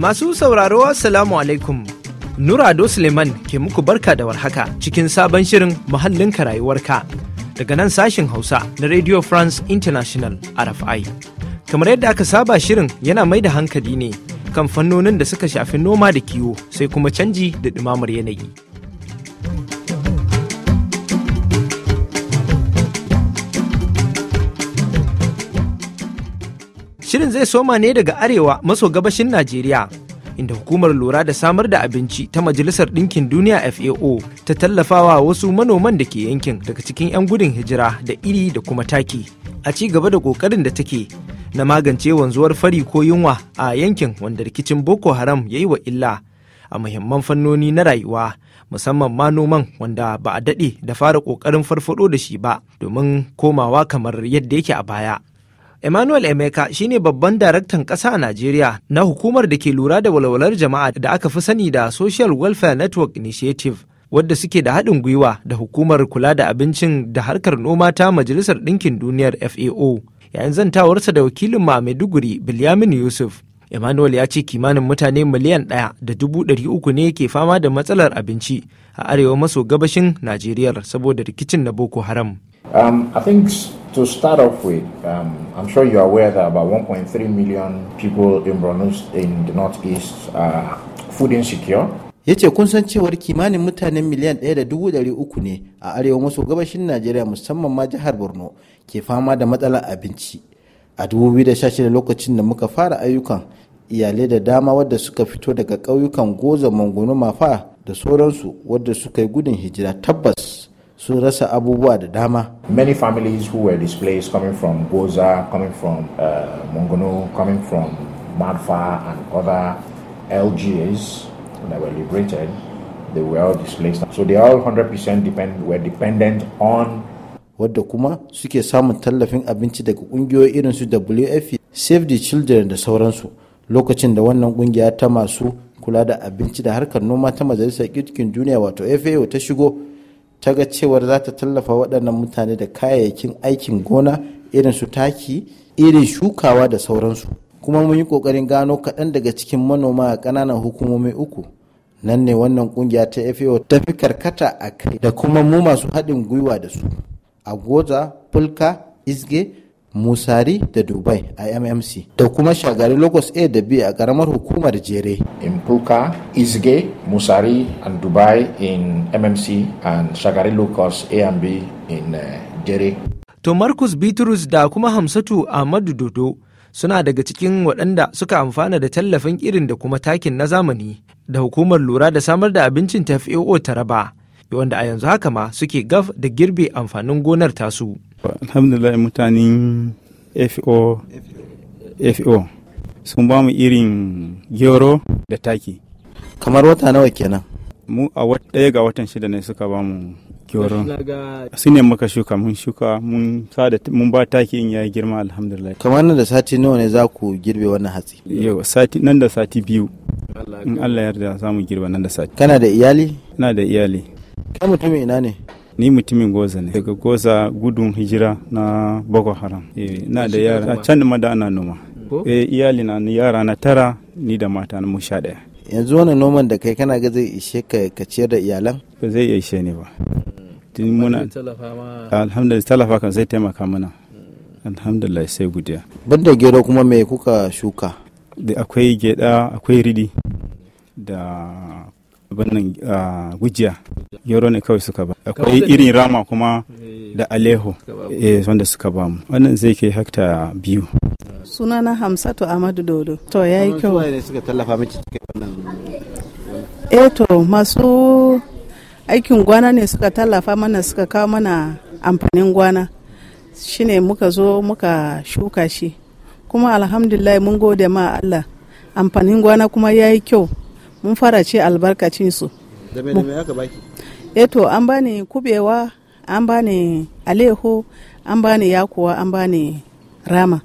Masu sauraro Assalamu alaikum. Nurado Suleiman ke muku barka da warhaka cikin sabon shirin muhallin rayuwarka daga nan sashin Hausa na Radio France International RFI. Kamar yadda aka saba shirin yana mai da hankali ne kan fannonin da suka shafi noma da kiwo sai kuma canji da ɗumamar yanayi. Shirin zai soma ne daga arewa maso gabashin Najeriya, inda hukumar lura da samar da abinci ta Majalisar Ɗinkin Duniya FAO ta tallafawa wasu manoman da ke yankin daga cikin 'yan gudun hijira da iri da kuma taki. A ci gaba da ƙoƙarin da take na magance wanzuwar fari ko yunwa a yankin wanda rikicin Boko Haram ya yi wa illa a muhimman fannoni na rayuwa. musamman ma noman wanda ba a daɗe da fara ƙoƙarin farfaɗo da shi ba domin komawa kamar yadda yake a baya. Emmanuel Emeka shine babban daraktan ƙasa a Najeriya na hukumar da ke lura da walwalar jama'a da aka fi sani da Social Welfare Network Initiative. wadda suke da haɗin gwiwa da hukumar kula da abincin da harkar noma ta Majalisar Ɗinkin Duniyar FAO. Yayin zantawarsa da wakilin Maiduguri Bilyamin Yusuf, Emmanuel ya ce kimanin mutane miliyan ɗaya da dubu ɗari uku ne ke fama da matsalar abinci a arewa maso gabashin Najeriya saboda rikicin na Boko Haram. Um, I think to start off with, um, I'm sure you're aware that about 1.3 million people in Borno in the northeast are food insecure. ya ce kun san cewar kimanin mutanen miliyan 1.3 ne a arewa maso gabashin najeriya musamman ma jihar borno ke fama da matsalar abinci a 2016 lokacin da muka fara ayyukan iyalai da dama wadda suka fito daga ƙauyukan goza mangonu mafa da sauransu wadda suka yi gudun hijira tabbas sun rasa abubuwa da dama. Many families who were displaced coming from Goza, coming from uh, Mongono, coming from marfa and other LGAs that were liberated, they were all displaced. So they all 100% depend, were dependent on wadda kuma suke samun tallafin abinci daga kungiyoyi irin su WF, e, Save the Children da sauransu. Lokacin da wannan kungiya ta masu kula da abinci da harkar noma ta Majalisar Kirkin Duniya wato FAO ta shigo ta ga cewar za ta tallafa waɗannan mutane da kayayyakin aikin gona irin su taki irin shukawa da sauransu kuma mun yi ƙoƙarin gano kaɗan daga cikin manoma a ƙananan hukumomi uku nan ne wannan ƙungiya ta fao ta fi karkata a kai da kuma mu masu haɗin gwiwa da su agoza fulka izge musari da dubai a mmc da kuma shagari lagos a da b a karamar hukumar jere puka izge musari and dubai in mmc and shagari lagos a and b in uh, jere to marcus bitrus da kuma hamsatu ahmadu dodo suna daga cikin waɗanda suka amfana da tallafin irin da kuma takin na zamani da hukumar lura da samar da abincin ta fao ta raba wanda a yanzu haka ma suke gaf da girbe amfanin gonar tasu alhamdulillah mutanen fo fo sun ba mu irin gero da taki kamar wata nawa kenan mu a ɗaya ga watan shida ne suka ba mu gero su ne muka shuka mun shuka mun sada mun ba taki in ya girma alhamdulillah kamar nan da sati nawa ne za ku girbe wannan hatsi yau sati nan da sati biyu in Allah yarda za mu girba nan da sati kana da iyali Na da iyali kai mutumin ina ne ni mutumin goza ne daga goza gudun hijira na boko haram eh, na da yara a can ma da ana noma eh, iyali na yara na tara ni da mata na musha daya yanzu wani noman da kai kana ga zai ishe ka ciyar da iyalan ba zai iya ishe ni ba tun muna alhamdulillah talafa kan zai taimaka mana alhamdulillah sai gudiya banda gero kuma me kuka shuka da akwai geda akwai ridi da bannan ah, gujiya gero ne kawai suka ba akwai irin rama kuma eh. da aleho eh, wanda suka ba mu wannan zai kai hekta biyu sunana hamsatu amadu dodo to ya yi kyau suka tallafa miki eh to masu aikin gwana ne suka tallafa mana suka kawo mana amfanin gwana shine muka zo muka shuka shi kuma alhamdulillah mun gode ma Allah amfanin gwana kuma ya yi kyau mun fara ce albarkacin su eto eh an bani kubewa an bani Alehu, an bani yakuwa an bani rama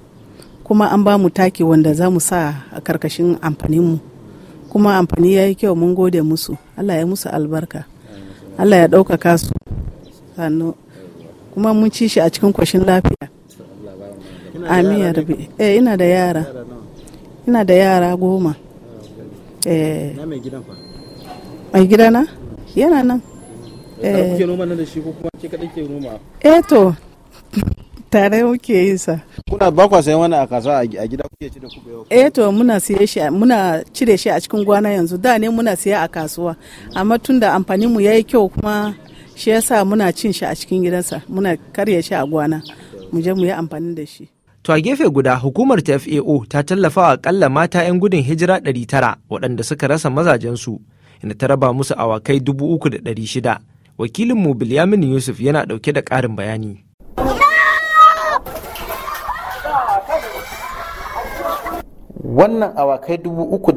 kuma an ba mu taki wanda za mu sa a karkashin amfaninmu kuma amfani ya yi kyau mun gode musu allah ya musu albarka allah ya ɗaukaka su sannu kuma mun ci shi a cikin kwashin lafiya amin ya rabi eh ina da yara ina da yara goma eh na mai gidan fa mai gidana yana nan eh kuke noma nan da shi ko kuma ke kadai ke noma eh to tare muke yin sa kuna ba kwa sayan wani a kasa a gida kuke ci da kuka yau eh to muna siye shi muna cire shi a cikin gwana yanzu da ne muna siya a kasuwa amma tunda amfanin mu yayi kyau kuma shi yasa muna cin shi a cikin gidansa muna karya shi a gwana mu je mu yi amfani da shi To a gefe guda hukumar ta FAO ta tallafa wa akalla mata 'yan gudun hijira 900 waɗanda suka rasa mazajensu inda ta raba musu awakai 3,600. Wakilinmu Bilyamin Yusuf yana ɗauke da ƙarin bayani. wannan awakai dubu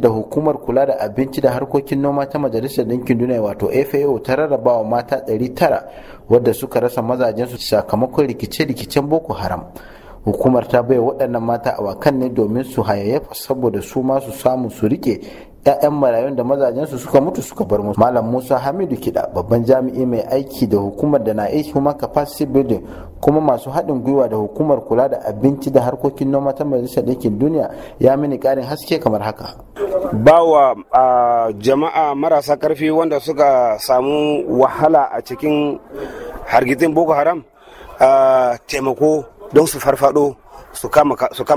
da hukumar kula da abinci da harkokin noma ta majalisar ɗinkin duniya wato fao ta rarraba wa mata ɗari wadda suka rasa mazajensu sakamakon rikice-rikicen boko haram hukumar ta bai waɗannan mata awakan ne domin su hayayyafa saboda su ma su samu su rike 'ya'yan marayun da mazajensu suka mutu suka bar musu malam musa hamidu kiɗa babban jami'i mai aiki da hukumar da na human capacity building kuma masu haɗin gwiwa da hukumar kula da abinci da harkokin noma ta majalisar ɗinkin duniya ya mini ƙarin haske kamar haka bawa jama'a marasa karfi wanda suka samu wahala a cikin hargitsin boko haram taimako don su farfado su kama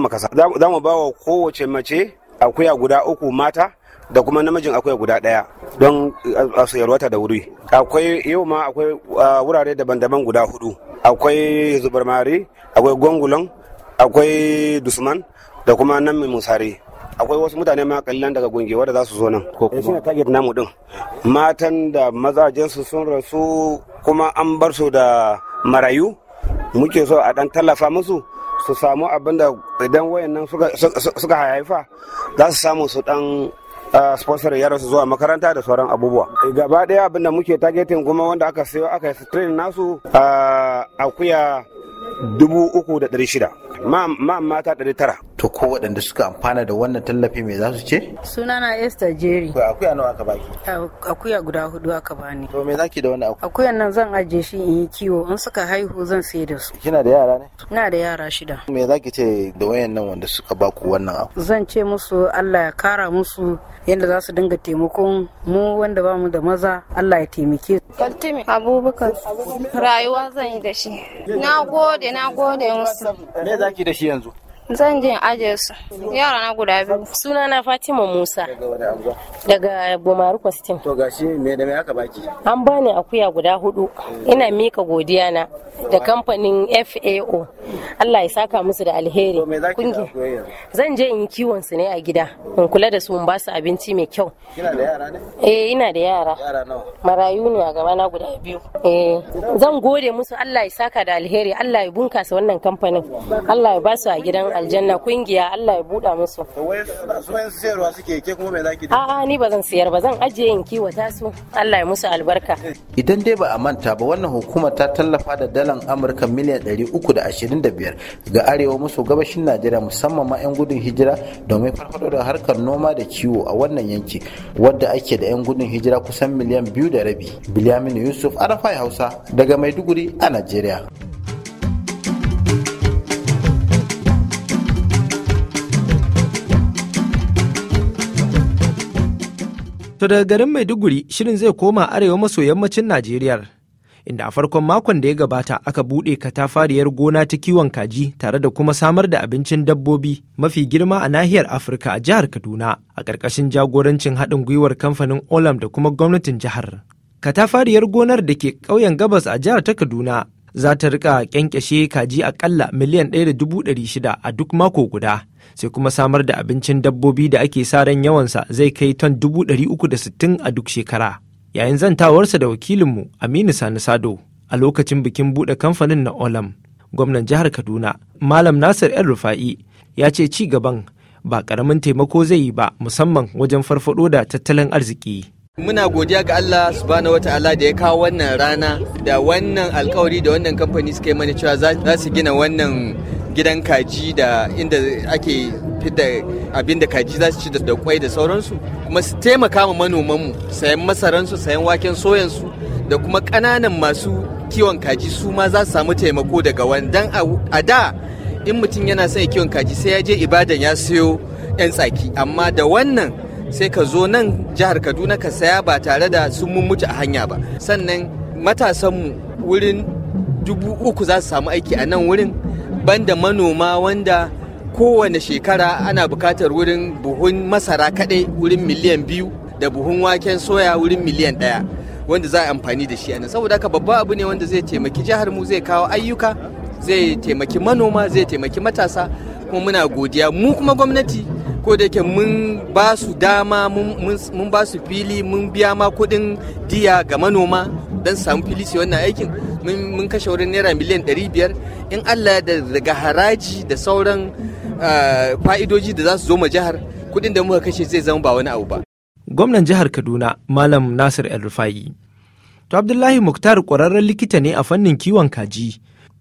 kasa za mu ba wa kowace mace akuya guda uku mata da kuma namijin akwai guda ɗaya don eh, su yarwata da wuri akwai yau ma akwai wurare daban-daban guda hudu akwai zubar akwai gwangulon akwai dusman da kuma nan musare akwai wasu mutane ma kallon daga gungewa da za su zo nan ko eh, kuma shine target namu din matan da mazajen su sun rasu kuma an bar su da marayu muke so a dan tallafa musu su samu abin da idan wayannan suka haifa za su samu su dan sponsor yara su zuwa makaranta da sauran abubuwa gaba daya abin da muke targetin kuma wanda aka sayo aka yi training nasu akuya dubu uku da dari shida ma mata ɗari tara. To ko waɗanda suka amfana da wannan tallafi mai za su ce? Sunana Esther Jerry. Akuya nawa aka baki? Akuya guda hudu aka bani. To me zaki da wannan akuya? Akuyan nan zan ajiye shi in yi kiwo in suka haihu zan sayar da su. Kina da yara ne? Ina da yara shida. Me zaki ce da wayan nan wanda suka baku wannan abu? Zan ce musu Allah ya kara musu yadda za su dinga taimakon mu wanda ba mu da maza Allah ya taimake su. Kaltimi Abubakar rayuwa zan yi da shi. Na gode na gode musu. 当地的吸烟组。zan je ajiye su yara na guda biyu suna na fatima musa daga bumaru kwastin to gashi me da me aka baki an bani akuya guda hudu ina mika godiya na da kamfanin fao allah ya saka musu da alheri zan je in yi kiwon su ne a gida in kula da su in ba su abinci mai kyau kina da yara ne eh ina da yara marayu ne a gaba na guda biyu eh zan gode musu allah ya saka da alheri allah ya bunkasa wannan kamfanin allah ya ba su a gidan aljanna kungiya Allah ya buɗa musu. Wayan sayarwa suke ke kuma mai zaki da? A'a ni bazan zan sayar ba zan ajiye in kiwata su Allah ya musu albarka. Idan dai ba a manta ba wannan hukuma ta tallafa da dalan Amurka miliyan ɗari uku da da ashirin biyar ga arewa maso gabashin Najeriya musamman ma 'yan gudun hijira domin farfaɗo da harkar noma da kiwo a wannan yanki wadda ake da 'yan gudun hijira kusan miliyan biyu da rabi. Bilyamin Yusuf Arafai Hausa daga Maiduguri a Najeriya. To daga garin Maiduguri shirin zai koma arewa maso yammacin Najeriya. Inda a farkon makon da ya gabata aka buɗe katafariyar gona ta kiwon kaji tare da kuma samar da abincin dabbobi mafi girma a nahiyar Afirka a jihar Kaduna a ƙarƙashin jagorancin haɗin gwiwar kamfanin Olam da kuma gwamnatin jihar. Katafariyar gonar da ke ƙauyen gabas a jihar ta Kaduna za ta rika kyankyashe kaji akalla miliyan ɗaya da dubu ɗari shida a duk mako guda sai kuma samar da abincin dabbobi da ake sa ran yawansa zai kai ton dubu ɗari uku da sittin a duk shekara. Yayin zantawarsa da wakilinmu Aminu Sani Sado a lokacin bikin buɗe kamfanin na Olam, gwamnan jihar Kaduna, Malam Nasir El Rufa'i ya ce ci gaban ba ƙaramin taimako zai yi ba musamman wajen farfaɗo da tattalin arziki. Muna godiya ga Allah subhanahu wata'ala da ya kawo wannan rana da wannan alkawari da wannan kamfani suka yi mana cewa za su gina wannan gidan kaji da inda ake fidda abin da kaji za su ci da kwai da sauransu kuma su taimaka ma manomanmu sayan masaransu sayan waken soyansu da kuma ƙananan masu kiwon kaji su ma za su samu taimako daga wandan a da in mutum yana son kiwon kaji sai ya je ibadan ya sayo 'yan tsaki amma da wannan sai ka zo nan jihar kaduna ka saya ba tare da sun mummuce a hanya ba sannan matasanmu wurin dubu uku za su samu aiki a nan wurin banda manoma wanda kowane shekara ana bukatar wurin buhun masara kaɗai wurin miliyan biyu da buhun waken soya wurin miliyan ɗaya wanda za a amfani da shi a nan saboda haka babba abu ne wanda zai taimaki jihar mu zai kawo ayyuka zai taimaki manoma zai taimaki matasa kuma muna godiya mu kuma gwamnati ko da yake mun ba su dama mun ba su fili mun biya ma kudin diya ga manoma don samu fili su wannan aikin mun kashe wurin naira miliyan 500 in allah da daga haraji da sauran ah, fa'idoji da za su zo ma jihar kudin da muka kashe zai zama ba wani abu ba gwamnan jihar kaduna malam nasir el rufai to abdullahi muktar kwararren likita ne a fannin kiwon kaji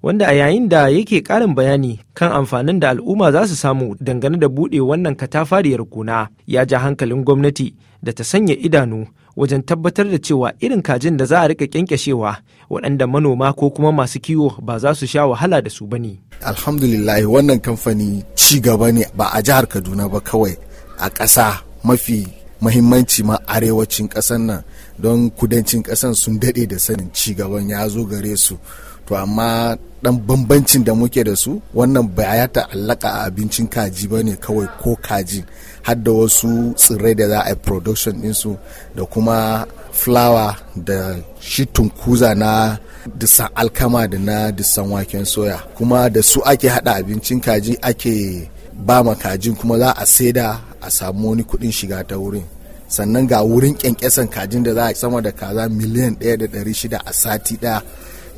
wanda a yayin da yake ƙarin bayani kan amfanin da al'umma za su samu dangane da buɗe wannan katafariyar gona ya ja hankalin gwamnati da ta sanya idanu wajen tabbatar da cewa irin kajin da za a rika kyankyashewa waɗanda manoma ko kuma masu kiwo ba za su sha wahala da su bane. alhamdulillah wannan kamfani ci gaba ne ba a jihar kaduna ba kawai a ƙasa mafi mahimmanci ma arewacin ƙasar nan don kudancin ƙasan sun daɗe da sanin ci gaban ya zo gare su to amma dan bambancin da muke da su wannan ba ya ta'allaka a abincin kaji ba ne kawai ko kaji har da wasu tsirrai da za a yi production ɗinsu da kuma fulawa da shi tunkuza na dusan alkama da na dusan waken soya kuma da su ake haɗa abincin kaji ake ba ma kajin kuma za a saida a samu wani kuɗin shiga ta wurin sannan ga wurin kyankyasan kajin da za a sama da kaza miliyan ɗaya da ɗari a sati ɗaya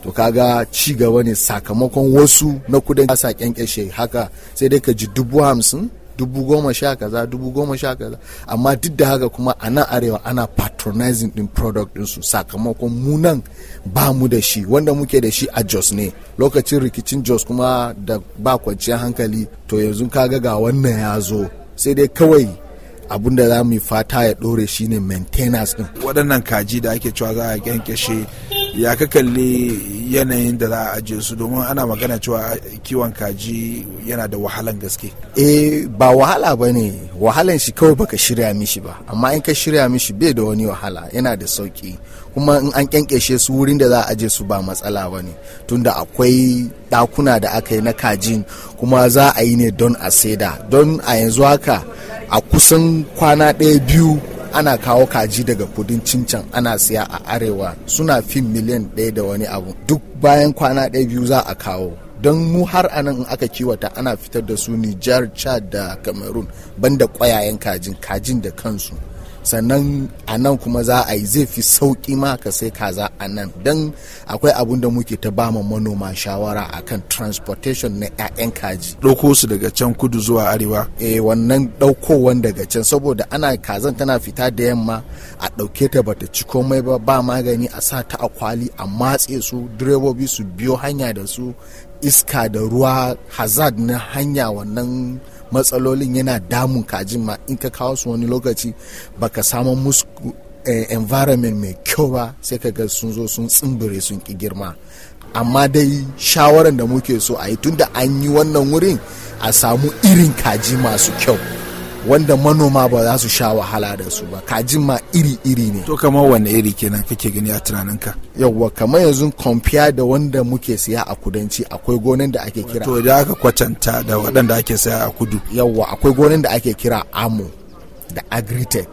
to kaga ci gaba ne sakamakon wasu na kudin kasa kyankyashe haka sai dai ka ji dubu hamsin dubu goma sha kaza dubu goma sha kaza amma duk da haka kuma a nan arewa ana patronizing din product ɗinsu sakamakon munan ba mu da shi wanda muke da shi a jos ne lokacin rikicin jos kuma da ba kwanciyar hankali to yanzu kaga ga wannan ya zo sai dai kawai abun da za mu fata ya ɗore shine maintenance ɗin waɗannan kaji da ake cewa za a kyankyashe ya ka kalli yanayin da za a ajiye su domin ana magana cewa kiwon kaji yana da wahalan gaske eh ba wahala ba ne wahalan shi kawai baka shirya mishi ba amma in ka shirya mishi bai da wani wahala yana da sauki kuma in an kyankyashe su wurin da za a aje su ba matsala ba ne tunda akwai ɗakuna da aka yi na kajin kuma za a yi ne don a saida don a yanzu haka a kusan kwana ɗaya biyu ana kawo kaji daga kudin can ana siya a arewa suna fin miliyan ɗaya da wani abu duk bayan kwana ɗaya biyu za a kawo don mu har anan in aka kiwata ana fitar da su Nijar, Chad da Cameroon banda ƙwayayen kajin kajin da kansu sannan a nan kuma za a yi zai fi sauƙi ma ka sai kaza a nan don akwai abun da muke ta bama manoma shawara akan transportation na 'ya'yan kaji ɗauko su daga can kudu zuwa arewa eh wannan ɗaukowan daga can saboda ana kazan tana fita da yamma a ɗauke ta bata ci komai ba ba magani a sa ta a kwali a matse su direbobi su biyo hanya da su iska da ruwa hazard na hanya wannan matsalolin yana damun kajin ma in ka kawo su wani lokaci baka samu musu eh, environment mai kyau ba sai ka ga sun zo sun tsimbire sun ki girma amma dai shawaran da muke so a yi tunda an yi wannan wurin a samu irin kaji masu kyau wanda manoma ba za su sha wahala da su ba kajin ma iri-iri ne to kamar wani iri kenan kake gani a tunaninka yawwa kamar yanzu compare da wanda muke siya a kudanci akwai gonan da ake kira to da aka kwatanta da waɗanda ake siya a kudu yawwa akwai gonan da ake kira amo da agritech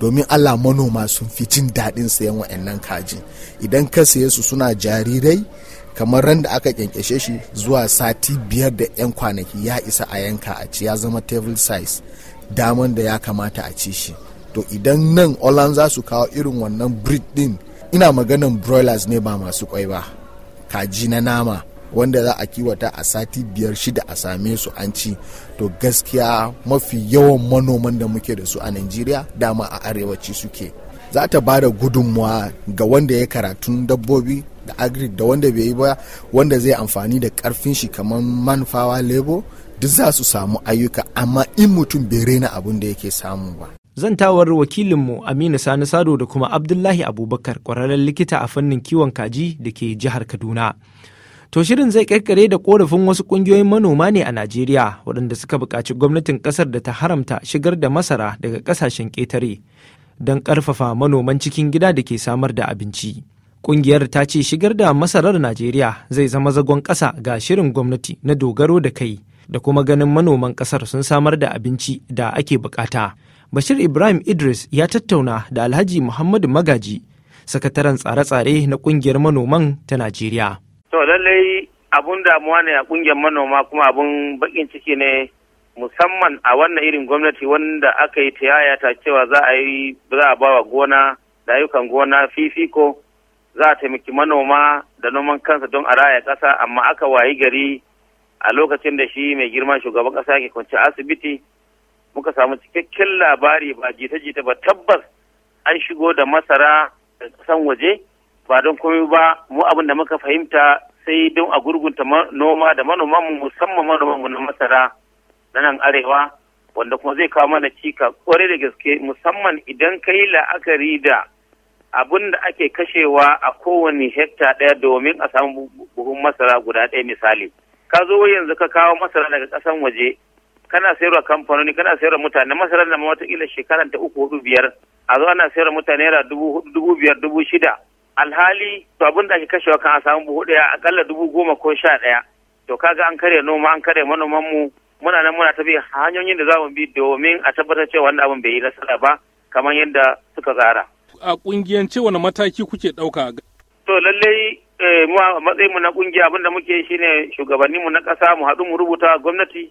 domin allah manoma sun fi jin daɗin sayan wa'annan kaji idan ka saye su suna jarirai kamar ran da aka kyankyashe shi zuwa sati biyar da 'yan kwanaki ya isa a yanka a ci ya zama table size daman da ya kamata a ci shi to idan nan olan za su kawo irin wannan breed din ina maganan broilers ne ba masu kwai ba kaji na nama wanda za a kiwata a sati biyar shida a same su an ci to gaskiya mafi yawan manoman da muke da su a najeriya dama a arewaci suke za ta ba da gudunmuwa ga wanda ya karatun dabbobi da agri da wanda bai yi ba wanda zai amfani da karfin shi kamar manfawa lebo duk za su samu ayyuka amma in mutum bai rena abin da yake samu ba zantawar wakilinmu aminu sani sado da kuma abdullahi abubakar ƙwararren likita a fannin kiwon kaji da ke jihar kaduna to shirin zai kirkire da korafin wasu ƙungiyoyin manoma ne a najeriya waɗanda suka buƙaci gwamnatin ƙasar da ta haramta shigar da masara daga ƙasashen ƙetare don ƙarfafa manoman cikin gida da ke samar da abinci Ƙungiyar ta ce shigar da masarar Najeriya zai zama zagon ƙasa ga shirin gwamnati na dogaro da kai da kuma ganin manoman kasar sun samar da abinci da ake bukata. Bashir Ibrahim Idris ya tattauna da Alhaji Muhammadu Magaji, sakataren tsare-tsare na kungiyar manoman ta Najeriya. To lallai abun damuwa ne a kungiyar manoma kuma abun bakin ciki ne musamman a wannan irin gwamnati wanda aka yi ta cewa za a yi za a bawa gona da ayyukan gona fifiko za a taimaki manoma da noman kansa don a raya ƙasa amma aka wayi gari a lokacin da shi mai girma shugaban ƙasa ke kwanci asibiti muka samu cikakken labari ba jita-jita ba tabbas an shigo da masara da ƙasan waje ba don komai ba mu abin da muka fahimta sai don a gurgunta noma da manoman mu musamman manoman mu na masara na nan arewa wanda kuma zai kawo mana cika kwarai da gaske musamman idan ka yi la'akari da abin da ake kashewa a kowane hekta ɗaya domin a samu buhun masara guda ɗaya misali. ka zo yanzu ka kawo masara daga kasan waje kana sayarwa kamfanoni kana sayarwa mutane masara da ila shekaran ta uku hudu biyar a zo ana sayarwa mutane naira dubu biyar dubu shida alhali to abin da ake kashewa kan a samu buhu ɗaya akalla dubu goma ko sha ɗaya to kaga an karya noma an karya manoman mu muna nan muna tabi hanyoyin da za mu bi domin a tabbatar cewa wannan abin bai yi nasara ba kamar yadda suka tsara. A kungiyance wani mataki kuke ɗauka? To lallai Eh, mu a matsayin mu na kungiya abin da muke ne shugabanni mu na ƙasa mu haɗu mu rubuta gwamnati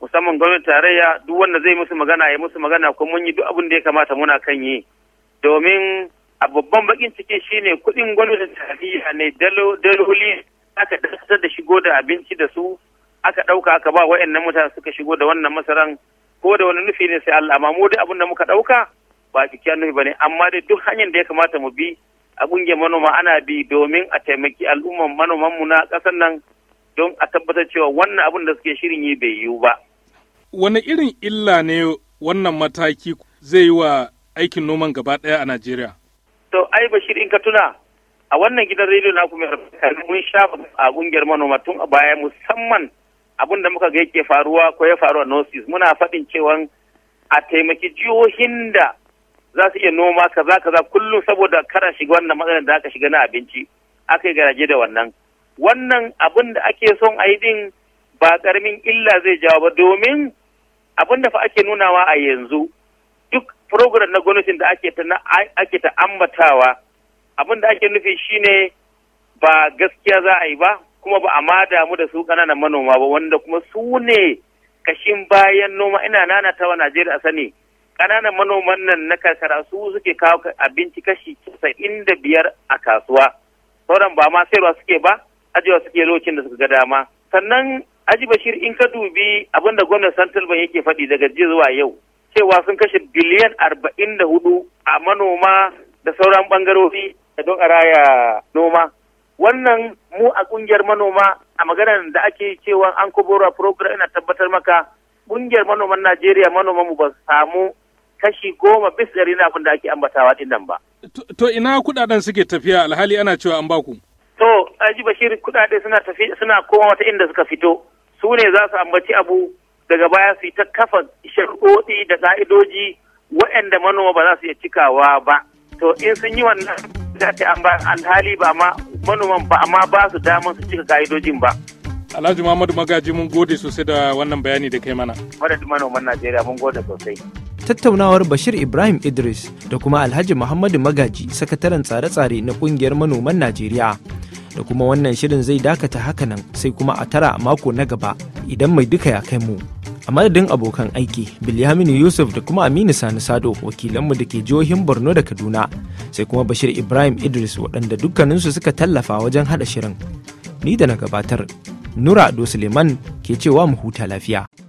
musamman gwamnati tarayya duk wanda zai musu magana ya musu magana kuma mun yi duk abin da ya kamata muna kan yi domin a babban bakin ciki shine kuɗin gwamnati tarayya ne daloli aka dakatar da shigo da abinci da su aka ɗauka aka ba wa'annan mutane suka shigo da wannan masaran ko da wani nufi ne sai Allah amma mu duk abin da muka ɗauka ba cikin nufi bane amma dai duk hanyar da ya kamata mu bi a gungiyar manoma ana bi domin a taimaki al'umman manoman mu na ƙasar nan don a tabbatar cewa wannan abin da suke shirin yi bai yiwu ba. wani irin illa ne wannan mataki zai yi wa aikin noman gaba ɗaya a Najeriya? To, ai ba in ka tuna a wannan gidan rediyo na kuma mun sha a ƙungiyar manoma tun a baya musamman abin da muka ga yake faruwa ko ya faru a nosis muna faɗin cewa a taimaki jihohin da za su iya noma kaza kaza kullum saboda kara shiga wannan matsalar da aka shiga na abinci aka yi garaje da wannan wannan abin da ake son a yi din ba karamin illa zai jawo ba domin abin da fa ake nunawa a yanzu duk program na gwamnatin da ake ta ake ta ambatawa abin da ake nufi shine ba gaskiya za a yi ba kuma ba a ma damu da su kananan manoma ba wanda kuma su ne kashin bayan noma ina nanatawa Najeriya a sani ƙananan manoman nan na karkara su suke kawo abinci kashi casa'in da biyar a kasuwa sauran ba ma sayarwa suke ba ajiyewa suke lokacin da suka ga dama sannan aji bashir in ka dubi abin da gwamnan central bank yake faɗi daga jiya zuwa yau cewa sun kashe biliyan arba'in da hudu a manoma da sauran bangarori don a noma wannan mu a kungiyar manoma a maganar da ake cewa an kubura program ina tabbatar maka kungiyar manoman najeriya manoman mu ba su samu kashi goma bis ɗari na abin da ake ambatawa ɗin nan ba. To ina kuɗaɗen suke tafiya alhali ana cewa an baku. To Aji Bashir kuɗaɗe suna tafi suna koma wata inda suka fito su ne za su ambaci abu daga baya su yi ta kafa sharuɗi da ƙa'idoji waɗanda manoma ba za su iya cikawa ba. To in sun yi wannan za ta an alhali ba ma manoman ba amma ba su daman su cika ƙa'idojin ba. Alhaji Muhammadu Magaji mun gode sosai da wannan bayani da kai mana. Madadin manoman Najeriya mun gode sosai. tattaunawar bashir ibrahim idris da kuma alhaji muhammadu magaji sakataren tsare-tsare na kungiyar manoman najeriya da kuma wannan shirin zai dakata hakanan sai kuma a tara mako na gaba idan mai duka ya kai mu a madadin abokan aiki bilyaminu yusuf da kuma aminu sani sado wakilanmu da ke jihohin borno da kaduna sai kuma bashir ibrahim idris waɗanda dukkaninsu suka tallafa wajen haɗa shirin ni da na gabatar nura ado suleiman ke cewa mu huta lafiya